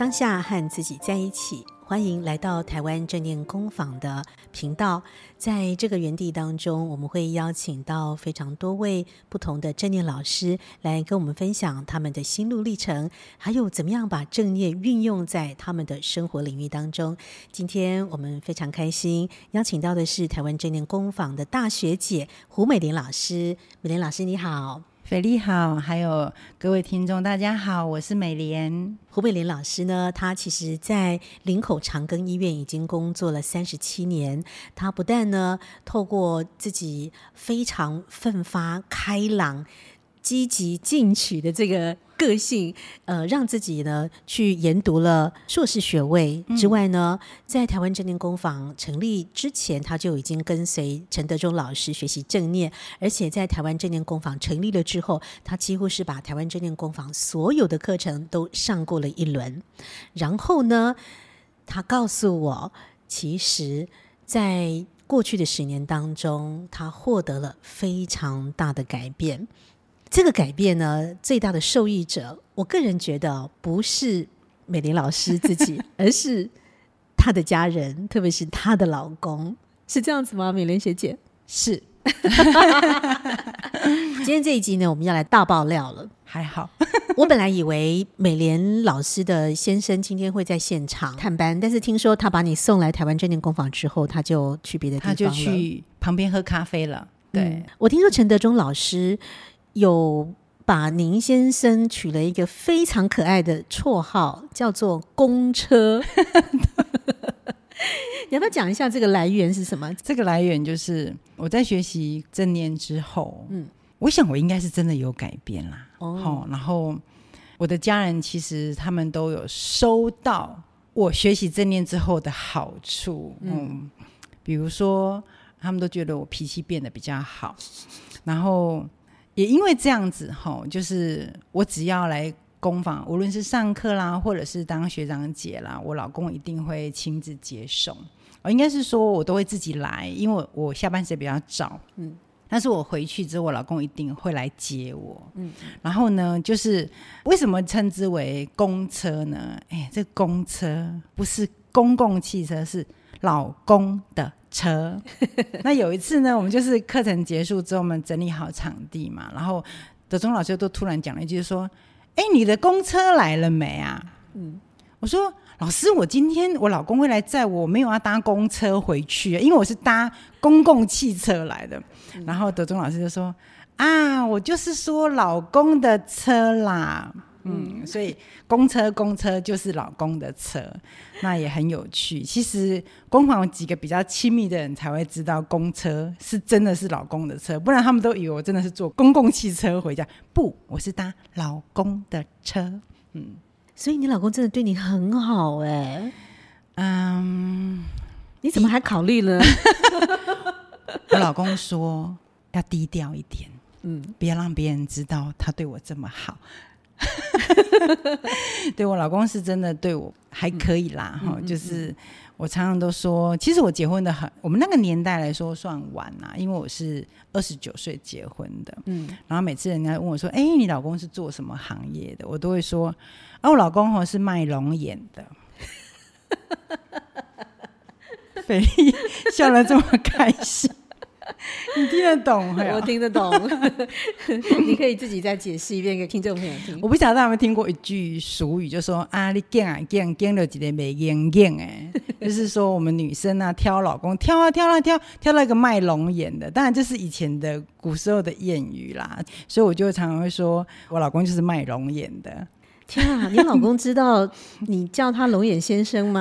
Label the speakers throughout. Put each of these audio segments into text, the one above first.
Speaker 1: 當下和自己在一起，歡迎來到台灣正念工坊的頻道。在這個園地當中，我們會邀請到非常多位不同的正念老師來跟我們分享他們的心路歷程，還有怎麼樣把正念運用在他們的生活領域當中。今天我們非常開心邀請到的是台灣正念工坊的大學姐胡美連老師，美連老師你好。斐莉好，還有各位聽眾，大家好，我是美連。胡美連老師呢，她其實，在林口長庚醫院已經工作了三十七年。她不但呢，透過自己非常奮發、開朗、積極進取的這個個性，呃，讓自己呢去研讀了碩士學位之外呢，嗯、在台灣正念工坊成立之前，他就已經跟隨陳德中老師學習正念，而且在台灣正念工坊成立了之後，他幾乎是把台灣正念工坊所有的課程都上過了一輪。然後呢，他告訴我，其實在過去的十年當中，他獲得了非常大的改變。這個改變呢，最大的受益者，我個人覺得不是美連老師自己， 而是她的家人，特別是她的老公，是這樣子嗎？美連學姐是。 今天這一集呢，我們要來大爆料了。還好， 我本來以為美連老師的先生今天會在現場探班，但是聽說他把你送來台灣正念工坊之後，他就去別的地方，他就去
Speaker 2: 旁邊喝咖啡了。
Speaker 1: 對，嗯、我聽說陳德中老師。有把您先生取了一個非常可愛的綽號，叫做“公車。” 你要不要講一下這個來源是什麼？
Speaker 2: 這個來源就是我在學習正念之後，嗯，我想我應該是真的有改變啦。哦，哦，然後我的家人其實他們都有收到我學習正念之後的好處，嗯，嗯，比如說他們都覺得我脾氣變得比較好，然後。也因為這樣子哈、哦，就是我只要來工坊，無論是上課啦，或者是當學長姐啦，我老公一定會親自接送。哦，應該是說，我都會自己來，因為我下班時間比較早。嗯，但是我回去之後，我老公一定會來接我。嗯，然後呢，就是為什麼稱之為公車呢？哎，這公車不是公共汽車，是老公的。車， 那有一次呢，我們就是課程結束之後，我們整理好場地嘛，然後德中老師都突然講了一句說：“哎、欸，你的公車來了沒啊？”嗯，我說：“老師，我今天我老公會來載我，我沒有要搭公車回去，因為我是搭公共汽車來的。”然後德中老師就說：“啊，我就是說老公的車啦。”嗯，所以公車公車就是老公的車，那也很有趣。其實工坊幾個比較親密的人才會知道公車是真的是老公的車，不然他們都以為我真的是坐公共汽車回家。不，我是搭老公的車。嗯，所以你老公真的對你很好哎、欸。嗯，你怎麼還考慮了？ 我老公說要低調一點，嗯，不要讓別人知道他對我這麼好。哈哈哈，對，我老公是真的對我還可以啦，哈、嗯，就是我常常都說，其實我結婚的很，我們那個年代來說算晚啦、啊，因為我是二十九歲結婚的，嗯，然後每次人家問我說，哎、欸，你老公是做什麼行業的？我都會說，哦、啊，我老公哦是賣龍眼的，哈哈哈哈哈！斐莉，笑得這麼
Speaker 1: 開心。你聽得懂？我聽得懂。 你可以自己再解釋一遍給聽眾朋友聽。
Speaker 2: 我不曉得他有沒有聽過一句俗語，就說啊，你揀啊揀，揀到幾年沒揀揀哎，就, 就是說我們女生啊挑老公，挑啊挑啊挑，挑了一個賣龍眼的。當然，就是以前的古時候的諺語啦。所以我就常常會說，我老公就是賣龍眼的。
Speaker 1: 天啊，你老公知道你叫他龍眼先生嗎？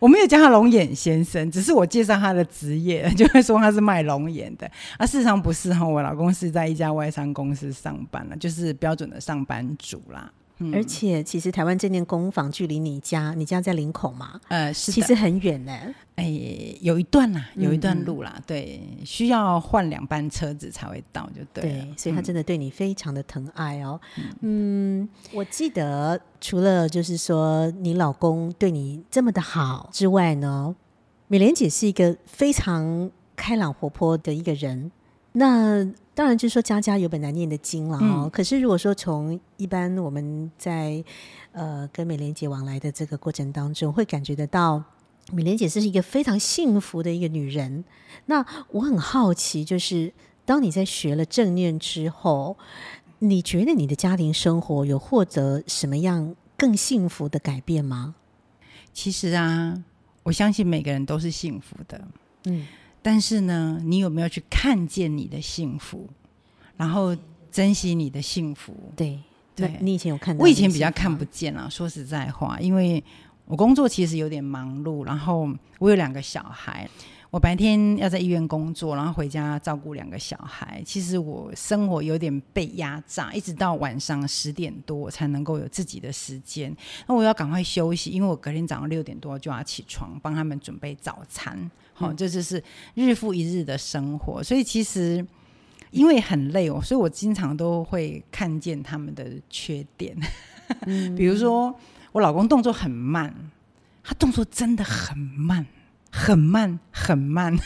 Speaker 2: 我沒有叫他龍眼先生，只是我介紹他的職業，就會說他是賣龍眼的。啊，事實上不是哈，我老公是在一家外商公司上
Speaker 1: 班了，就是標準的上班族啦。而且，其實台灣正念工坊距離你家，你家在林口嘛？呃，是的，其實很遠呢。欸欸。有一段啦，啊，有一段路啦，嗯、對，需要換兩班車子才會到，就對。對，所以他真的對你非常的疼愛哦。嗯，嗯，我記得除了就是說你老公對你這麼的好之外呢，美連姐是一個非常開朗活潑的一個人。那當然就是說家家有本難念的經了哦。嗯。可是如果說從一般我們在呃跟美連姐往來的這個過程當中，會感覺得到美連姐是一個非常幸福的一個女人。那我很好奇，就是當你在學了正念之後，你覺得你的家庭生活有獲得什麼樣更幸福的改變嗎？其實啊，我相信每個人都是幸福的。嗯。
Speaker 2: 但是呢，你有沒有去看見你的幸福，然後珍惜你的幸福？對，對，你以前有看見的，我以前比較看不見啊。說實在話，因為我工作其實有點忙碌，然後我有兩個小孩，我白天要在醫院工作，然後回家照顧兩個小孩，其實我生活有點被壓榨，一直到晚上十點多我才能夠有自己的時間。那我要趕快休息，因為我隔天早上六點多就要起床幫他們準備早餐。哦，這就是日復一日的生活，所以其實因為很累哦，所以我經常都會看見他們的缺點， 比如說我老公動作很慢，他動作真的很慢，很慢很慢，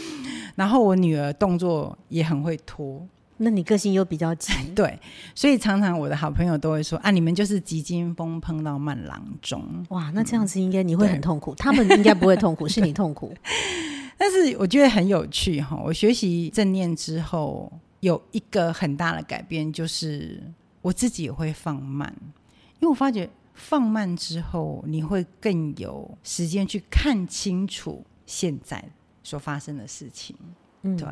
Speaker 2: 然後我女兒動作也很會拖。那你個性又比較急，對，所以常常我的好朋友都會說啊，你們就是急驚風碰到慢郎中。哇，那這樣子應該你會很痛苦，嗯、他們應該不會痛苦， 是你痛苦。但是我覺得很有趣哈、哦，我學習正念之後有一個很大的改變，就是我自己也會放慢，因為我發覺放慢之後，你會更有時間去看清楚現在所發生的事情。嗯、對。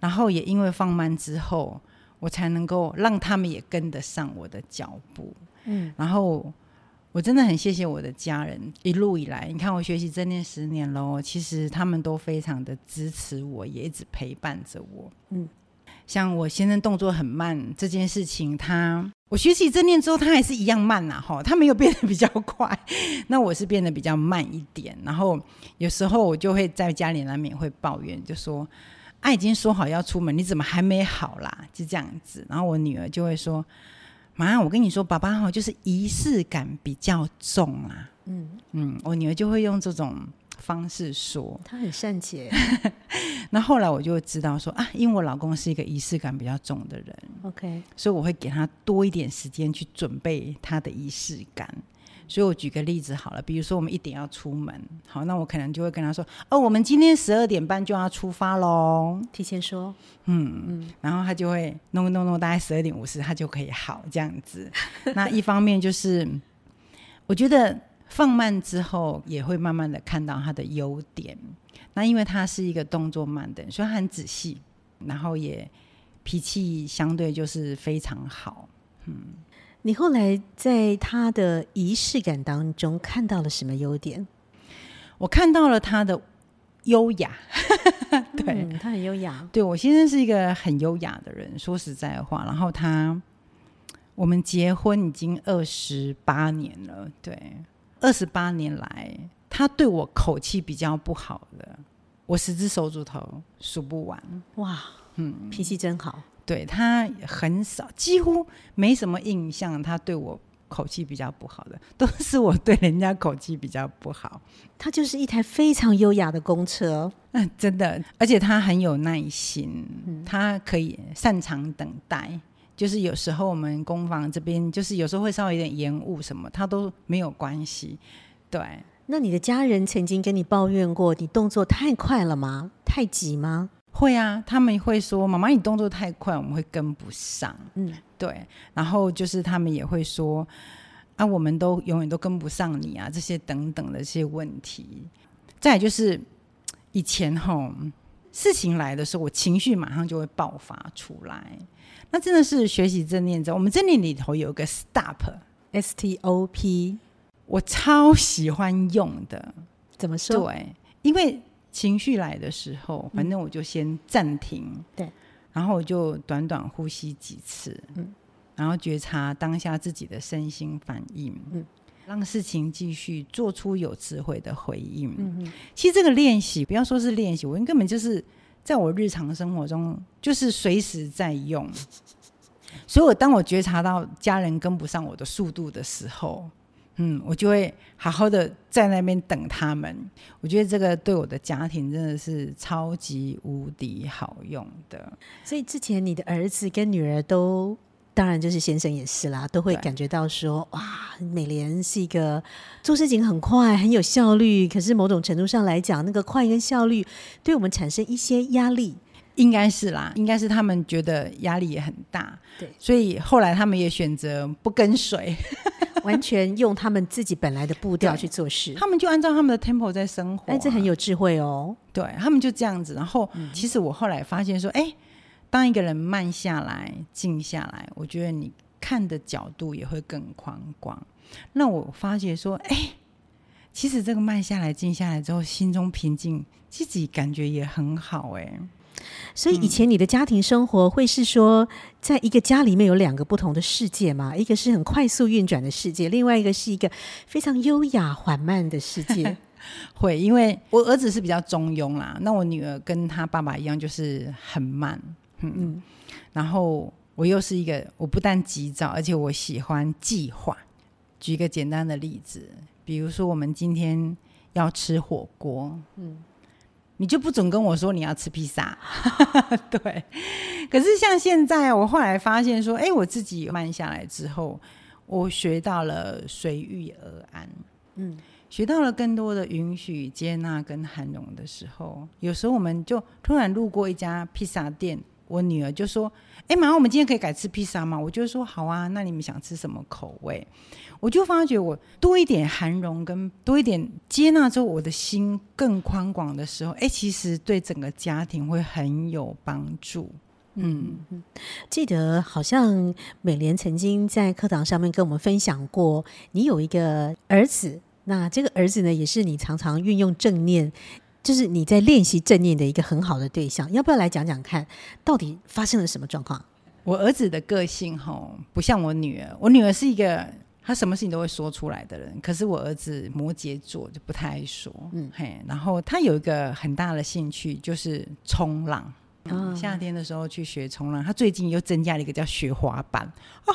Speaker 2: 然後也因為放慢之後，我才能夠讓他們也跟得上我的腳步。嗯，然後我真的很謝謝我的家人一路以來。你看我學習正念十年嘍，其實他們都非常的支持我，也一直陪伴着我。
Speaker 1: 嗯，
Speaker 2: 像我先生動作很慢這件事情他，他我學習正念之後，他還是一樣慢吶，哈，他沒有變得比較快，那我是變得比較慢一點。然後有時候我就會在家裡難免會抱怨，就說，愛、啊，已經說好要出門，你怎麼還沒好啦？就這樣子，然後我女兒就會說：“媽，我跟你說，爸爸哈，就是儀式感比較重啊。”嗯嗯嗯，我女兒就會用這種方式說，她
Speaker 1: 很善解。
Speaker 2: 那 後來我就會知道說啊，因為我老公是一個儀式感比較重的人，OK，所以我會給他多一點時間去準備他的儀式感。所以我舉個例子好了，比如說我們一點要出門，好，那我可能就會跟他說，哦，我們今天十二點半就要出發嘍，提前說，嗯，嗯，然後他就會弄弄弄，no, no, no, 大概十二點五十，他就可以好這樣子。那一方面就是， 我覺得放慢之後，也會慢慢的看到他的優點。那因為他是一個動作慢的人，所以他很仔細，然後也脾氣相對就是非常好，嗯。
Speaker 1: 你後來在他的儀式感當中看到了什麼優點？我看到了他的優雅。 對，嗯，他很優雅。
Speaker 2: 對，我先生是一個很優雅的人，說實在話。然後他，我們結婚已經二十八年了。對，二十八年來，他對我口氣比較不好的，我十隻手指頭數不完。哇，嗯，脾氣真好。對，他很少，幾乎沒什麼印象。他對我口氣比較不好的，都是我對人家口氣比較不好。
Speaker 1: 他就是一台非常優雅的公車，嗯，真的，
Speaker 2: 而且他很有耐心，他可以擅長等待。嗯、就是有時候我們工坊這邊，就是有時候會稍微有點延誤什麼，他都沒有關係。對，那你的家人曾經跟你抱怨過你動作太
Speaker 1: 快了嗎？
Speaker 2: 太急嗎？會啊，他們會說：“媽媽，你動作太快，我們會跟不上。”嗯，對。然後就是他們也會說：“啊，我們都永遠都跟不上你啊，這些等等的一些問題。”再來就是以前哈、哦，事情來的時候，我情緒馬上就會爆發出來。那真的是學習正念之後，我們正念裡頭有一個 stop，S-T-O-P，我超喜歡用的。怎麼說？對，因為。情緒來的時候，反正我就先暫停，對、嗯，然後我就短短呼吸幾次，嗯、然後覺察當下自己的身心反應，嗯，讓事情繼續做出有智慧的回應，嗯、哼其實這個練習，不要說是練習，我根本就是在我日常生活中就是隨時在用。 所以我，當我覺察到家人跟不上我的速度的時候。嗯，我就會好好的在那邊等他們。我覺得這個對我的家庭真的是超級無敵好用的。
Speaker 1: 所以之前你的兒子跟女兒都，當然就是先生也是啦，都會感覺到說，對哇，美蓮是一個做事情很快、很有效率。可是某種程度上來講，那個快跟效率對我們產生一些壓力。應該是啦，應該是他們覺得壓力也很大，對，所
Speaker 2: 以後來他們也選擇不跟隨， 完全用他們自己本來的步
Speaker 1: 調去做事。
Speaker 2: 他們就按照他們的 tempo 在生活、啊，哎，這很有智慧哦。對他們就這樣子。然後，嗯、其實我後來發現說，哎、欸，當一個人慢下來、靜下來，我覺得你看的角度也會更寬廣。那我發覺說，哎、欸，其實這個慢下來、靜下來之後，心中平靜，自己感覺也很
Speaker 1: 好、欸，哎。所以以前你的家庭生活會是說，在一個家裡面有兩個不同的世界嗎？一個是很快速運轉的世界，另外一個是一個非常優雅緩慢的世界。呵呵，會，因為我兒子是比較中庸啦，那我女兒跟
Speaker 2: 他爸爸一樣，就是很慢。嗯嗯。然後我又是一個，我不但急躁，而且我喜歡計劃。舉一個簡單的例子，比如說我們今天要吃火鍋，嗯。你就不准跟我說你要吃披薩， 對。可是像現在，我後來發現說，哎、欸，我自己慢下來之後，我學到了隨遇而安，嗯，學到了更多的允許、接納跟涵容的時候，有時候我們就突然路過一家披薩店。我女兒就說：“哎，媽媽，我們今天可以改吃披薩嗎？”我就說：“好啊，那你們想吃什麼口味？”我就發覺，我多一點涵容跟多一點接納之後，我的心更寬廣的時候，哎，其實對整個
Speaker 1: 家庭會很有幫助。嗯嗯。嗯，記得好像美連曾經在課堂上面跟我們分享過，你有一個兒子，那這個兒子呢，也是你常常運用正念。就是你在練習正念的一個很好的對象，要不要來講講看，到底發生了什麼狀況？
Speaker 2: 我兒子的個性吼、哦、不像我女兒。我女兒是一個，她什麼事情都會說出來的人。可是我兒子摩羯座就不太愛說。嗯嘿，然後他有一個很大的興趣就是衝浪。嗯哦、夏天的時候去學衝浪，他最近又增加了一個叫學滑板哦。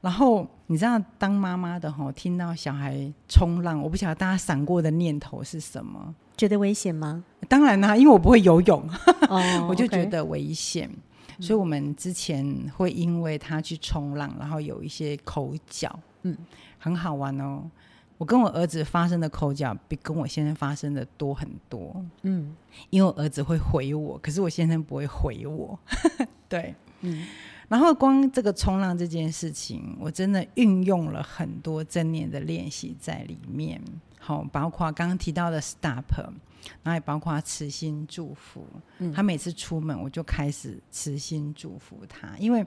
Speaker 2: 然後你知道，當媽媽的哈、哦，聽到小孩衝浪，我不曉得大家閃過的念頭是什麼。覺得危險嗎？當然啦、啊，因為我不會游泳，哦、 我就覺得危險。哦 okay、所以我們之前會因為他去衝浪，然後有一些口角，嗯，很好玩哦。我跟我兒子發生的口角比跟我先生發生的多很多，嗯，因為我兒子會回我，可是我先生不會回我， 對，嗯。然後，光這個衝浪這件事情，我真的運用了很多正念的練習在裡面。好，包括剛剛提到的 stop，然後也包括慈心祝福。嗯，他每次出門，我就開始慈心祝福他，因為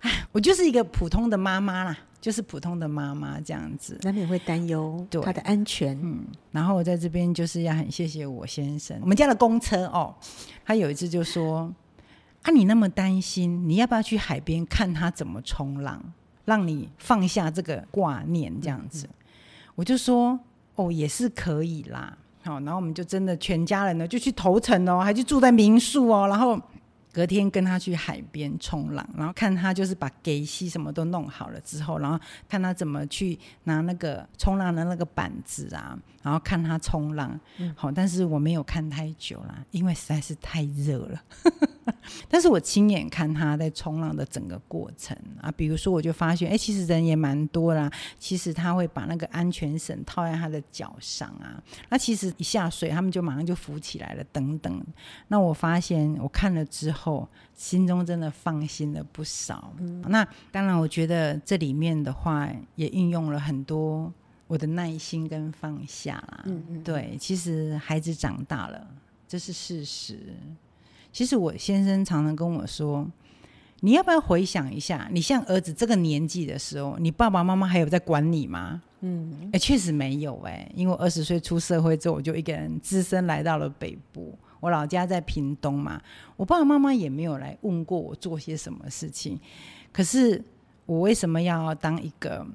Speaker 2: 唉，我就是一個普通的媽媽啦，就是普通的媽媽這樣子，難免會擔憂他的安全。嗯，然後我在這邊就是要很謝謝我先生，我們家的公車哦，他有一次就說。啊，你那麼擔心，你要不要去海邊看他怎麼衝浪，讓你放下這個掛念這樣子？嗯、哼我就說，哦，也是可以啦，好、哦，然後我們就真的全家人呢就去頭城哦，還去住在民宿哦，然後。隔天跟他去海邊衝浪，然後看他就是把給戲什麼都弄好了之後，然後看他怎麼去拿那個衝浪的那個板子，啊，然後看他衝浪，好、嗯哦，但是我沒有看太久啦，因為實在是太熱了。 但是我親眼看他在衝浪的整個過程啊，比如說我就發現，哎、欸，其實人也蠻多啦。其實他會把那個安全繩套在他的腳上啊，那其實一下水他們就馬上就浮起來了等等。那我發現我看了之後。然後心中真的放心了不少。嗯、那當然，我覺得這裡面的話也運用了很多我的耐心跟放下啦。嗯嗯對，其實孩子長大了，這是事實。其實我先生常常跟我說：“你要不要回想一下，你像兒子這個年紀的時候，你爸爸媽媽還有在管你嗎？”嗯，確、欸、實沒有哎、欸，因為二十歲出社會之後，我就一個人只身來到了北部。我老家在屏東嘛，我爸爸媽媽也沒有來問過我做些什麼事情。可是我為什麼要當一個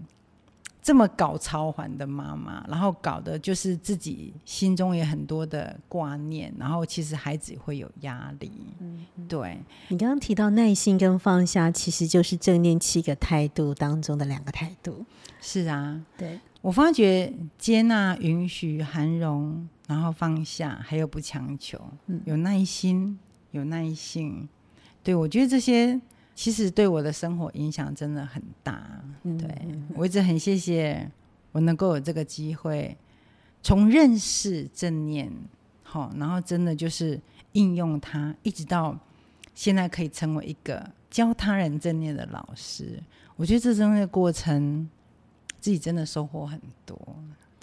Speaker 2: 這麼搞超凡的媽媽？然後搞的就是自己心中也很多的掛念，然後其實孩子會有壓力。嗯，對。
Speaker 1: 你剛剛提到耐心跟放下，其實就是正念七個態度當中的兩個態度。
Speaker 2: 是啊，對，
Speaker 1: 我發覺
Speaker 2: 接納、允許、涵容。然後放下，還有不強求，嗯、有耐心，有耐性，對，我覺得這些其實對我的生活影響真的很大。嗯、對、嗯、我一直很謝謝我能夠有這個機會，從認識正念，好，然後真的就是應用它，一直到現在可以成為一個教他人正念的老
Speaker 1: 師，我覺得這中間過程自己真的收穫很多。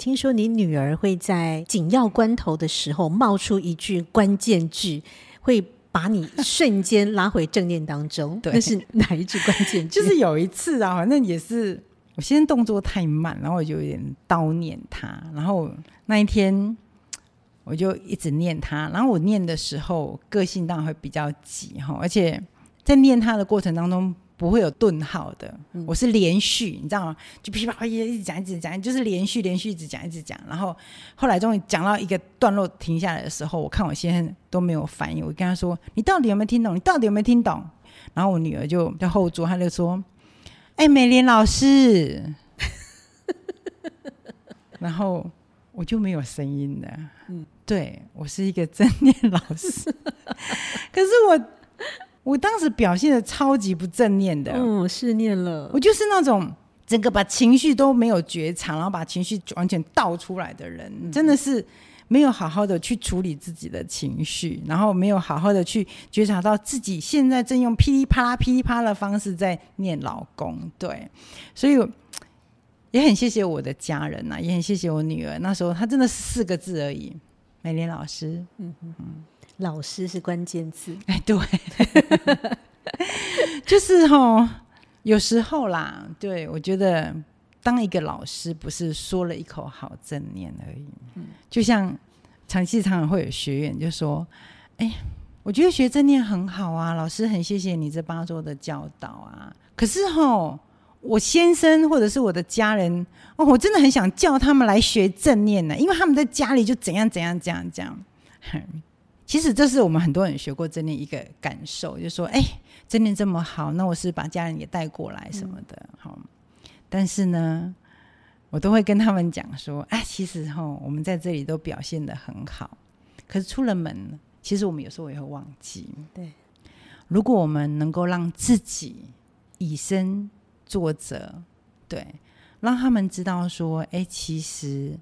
Speaker 1: 聽說你女兒會在緊要關頭的時候冒出一句關鍵句，會把你瞬間拉回正念當中。 對，那是哪一句關鍵？就
Speaker 2: 是有一次啊，反正也是我現在動作太慢，然後我就有點叨念她。然後那一天我就一直念她，然後我念的時候個性當然會比較急哈，而且在念他的過程當中。不會有頓號的，嗯、我是連續，你知道嗎？就噼啪一一直講，一直講，就是連續連續一直講，一直講。然後後來終於講到一個段落停下來的時候，我看我先生都沒有反應，我跟他說：“你到底有沒有聽懂？你到底有沒有聽懂？”然後我女兒就在後座，她就說：“哎、嗯欸，美蓮老師。 ” 然後我就沒有聲音的。嗯，對我是一個正念老師， 可是我。我當時表現的超級不正念的，嗯，失念了，我就是那種整個把情緒都沒有覺察，然後把情緒完全倒出來的人，嗯、真的是沒有好好的去處理自己的情緒，然後沒有好好的去覺察到自己現在正用噼裡啪啦、噼裡啪啦的方式在念老公，對，所以也很謝謝我的家人啊，也很謝謝我女兒，那時候她真的是四個字而已，美連老師，嗯哼嗯。老師
Speaker 1: 是關鍵字，哎，對，
Speaker 2: 就是吼、哦。有時候啦，對我覺得當一個老師不是說了一口好正念而已，嗯、就像長期常常會有學員就說，哎，我覺得學正念很好啊，老師很謝謝你這八周的教導啊，可是吼、哦，我先生或者是我的家人、哦，我真的很想叫他們來學正念呢、啊，因為他們在家裡就怎樣怎樣怎樣怎樣。其實這是我們很多人學過正念一個感受，就是、說哎、欸，正念這麼好，那我是把家人也帶過來什麼的，好、嗯。但是呢，我都會跟他們講說，哎、啊，其實哈、哦，我們在這裡都表現得很好，可是出了門，其實我們有時候也會忘記。對，如果我們能夠讓自己以身作則，對，讓他們知道說，哎、欸，其實。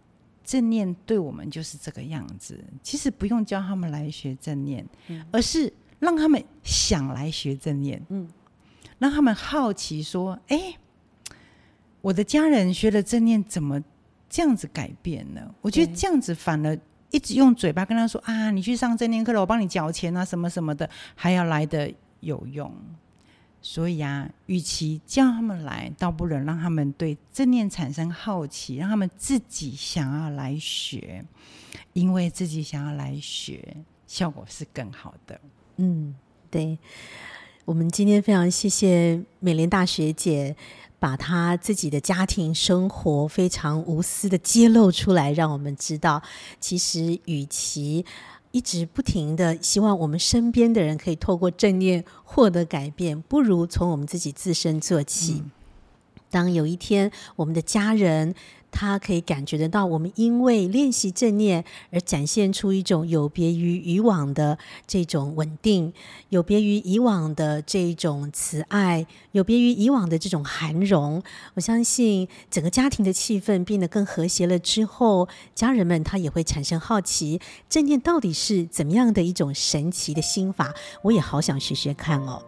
Speaker 2: 正念對我們就是這個樣子。其實不用教他們來學正念，嗯、而是讓他們想來學正念。嗯，讓他們好奇說：“哎，我的家人學了正念，怎麼這樣子改變呢？”我覺得這樣子反而一直用嘴巴跟他說：“嗯、啊，你去上正念課了，我幫你繳錢啊，什麼什麼的，還要來的有用。”所以啊，與其叫他們來，倒不能讓他們對正念產生好奇，讓他們自己想要來學，因為自己想要來學，效果是更
Speaker 1: 好的。嗯，對。我們今天非常謝謝美連大學姐，把她自己的家庭生活非常無私的揭露出來，讓我們知道，其實與其一直不停的希望我們身邊的人可以透過正念獲得改變，不如從我們自己自身做起。嗯，當有一天我們的家人他可以感覺得到，我們因為練習正念而展現出一種有別於以往的這種穩定，有別於以往的這種慈愛，有別於以往的這種涵容，我相信整個家庭的氣氛變得更和諧了之後，家人們他也會產生好奇，正念到底是怎麼樣的一種神奇的心法，我也好想學學看哦。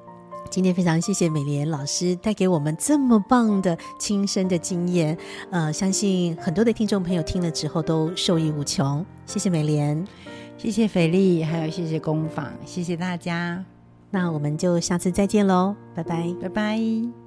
Speaker 1: 今天非常謝謝美連老師帶給我們這麼棒的親身的經驗，呃，相信很多的聽眾朋友聽了之後都受益無窮。謝謝美連，謝謝斐莉，還有謝謝工坊，謝謝大家。那我們就下次再見嘍，拜拜，拜拜。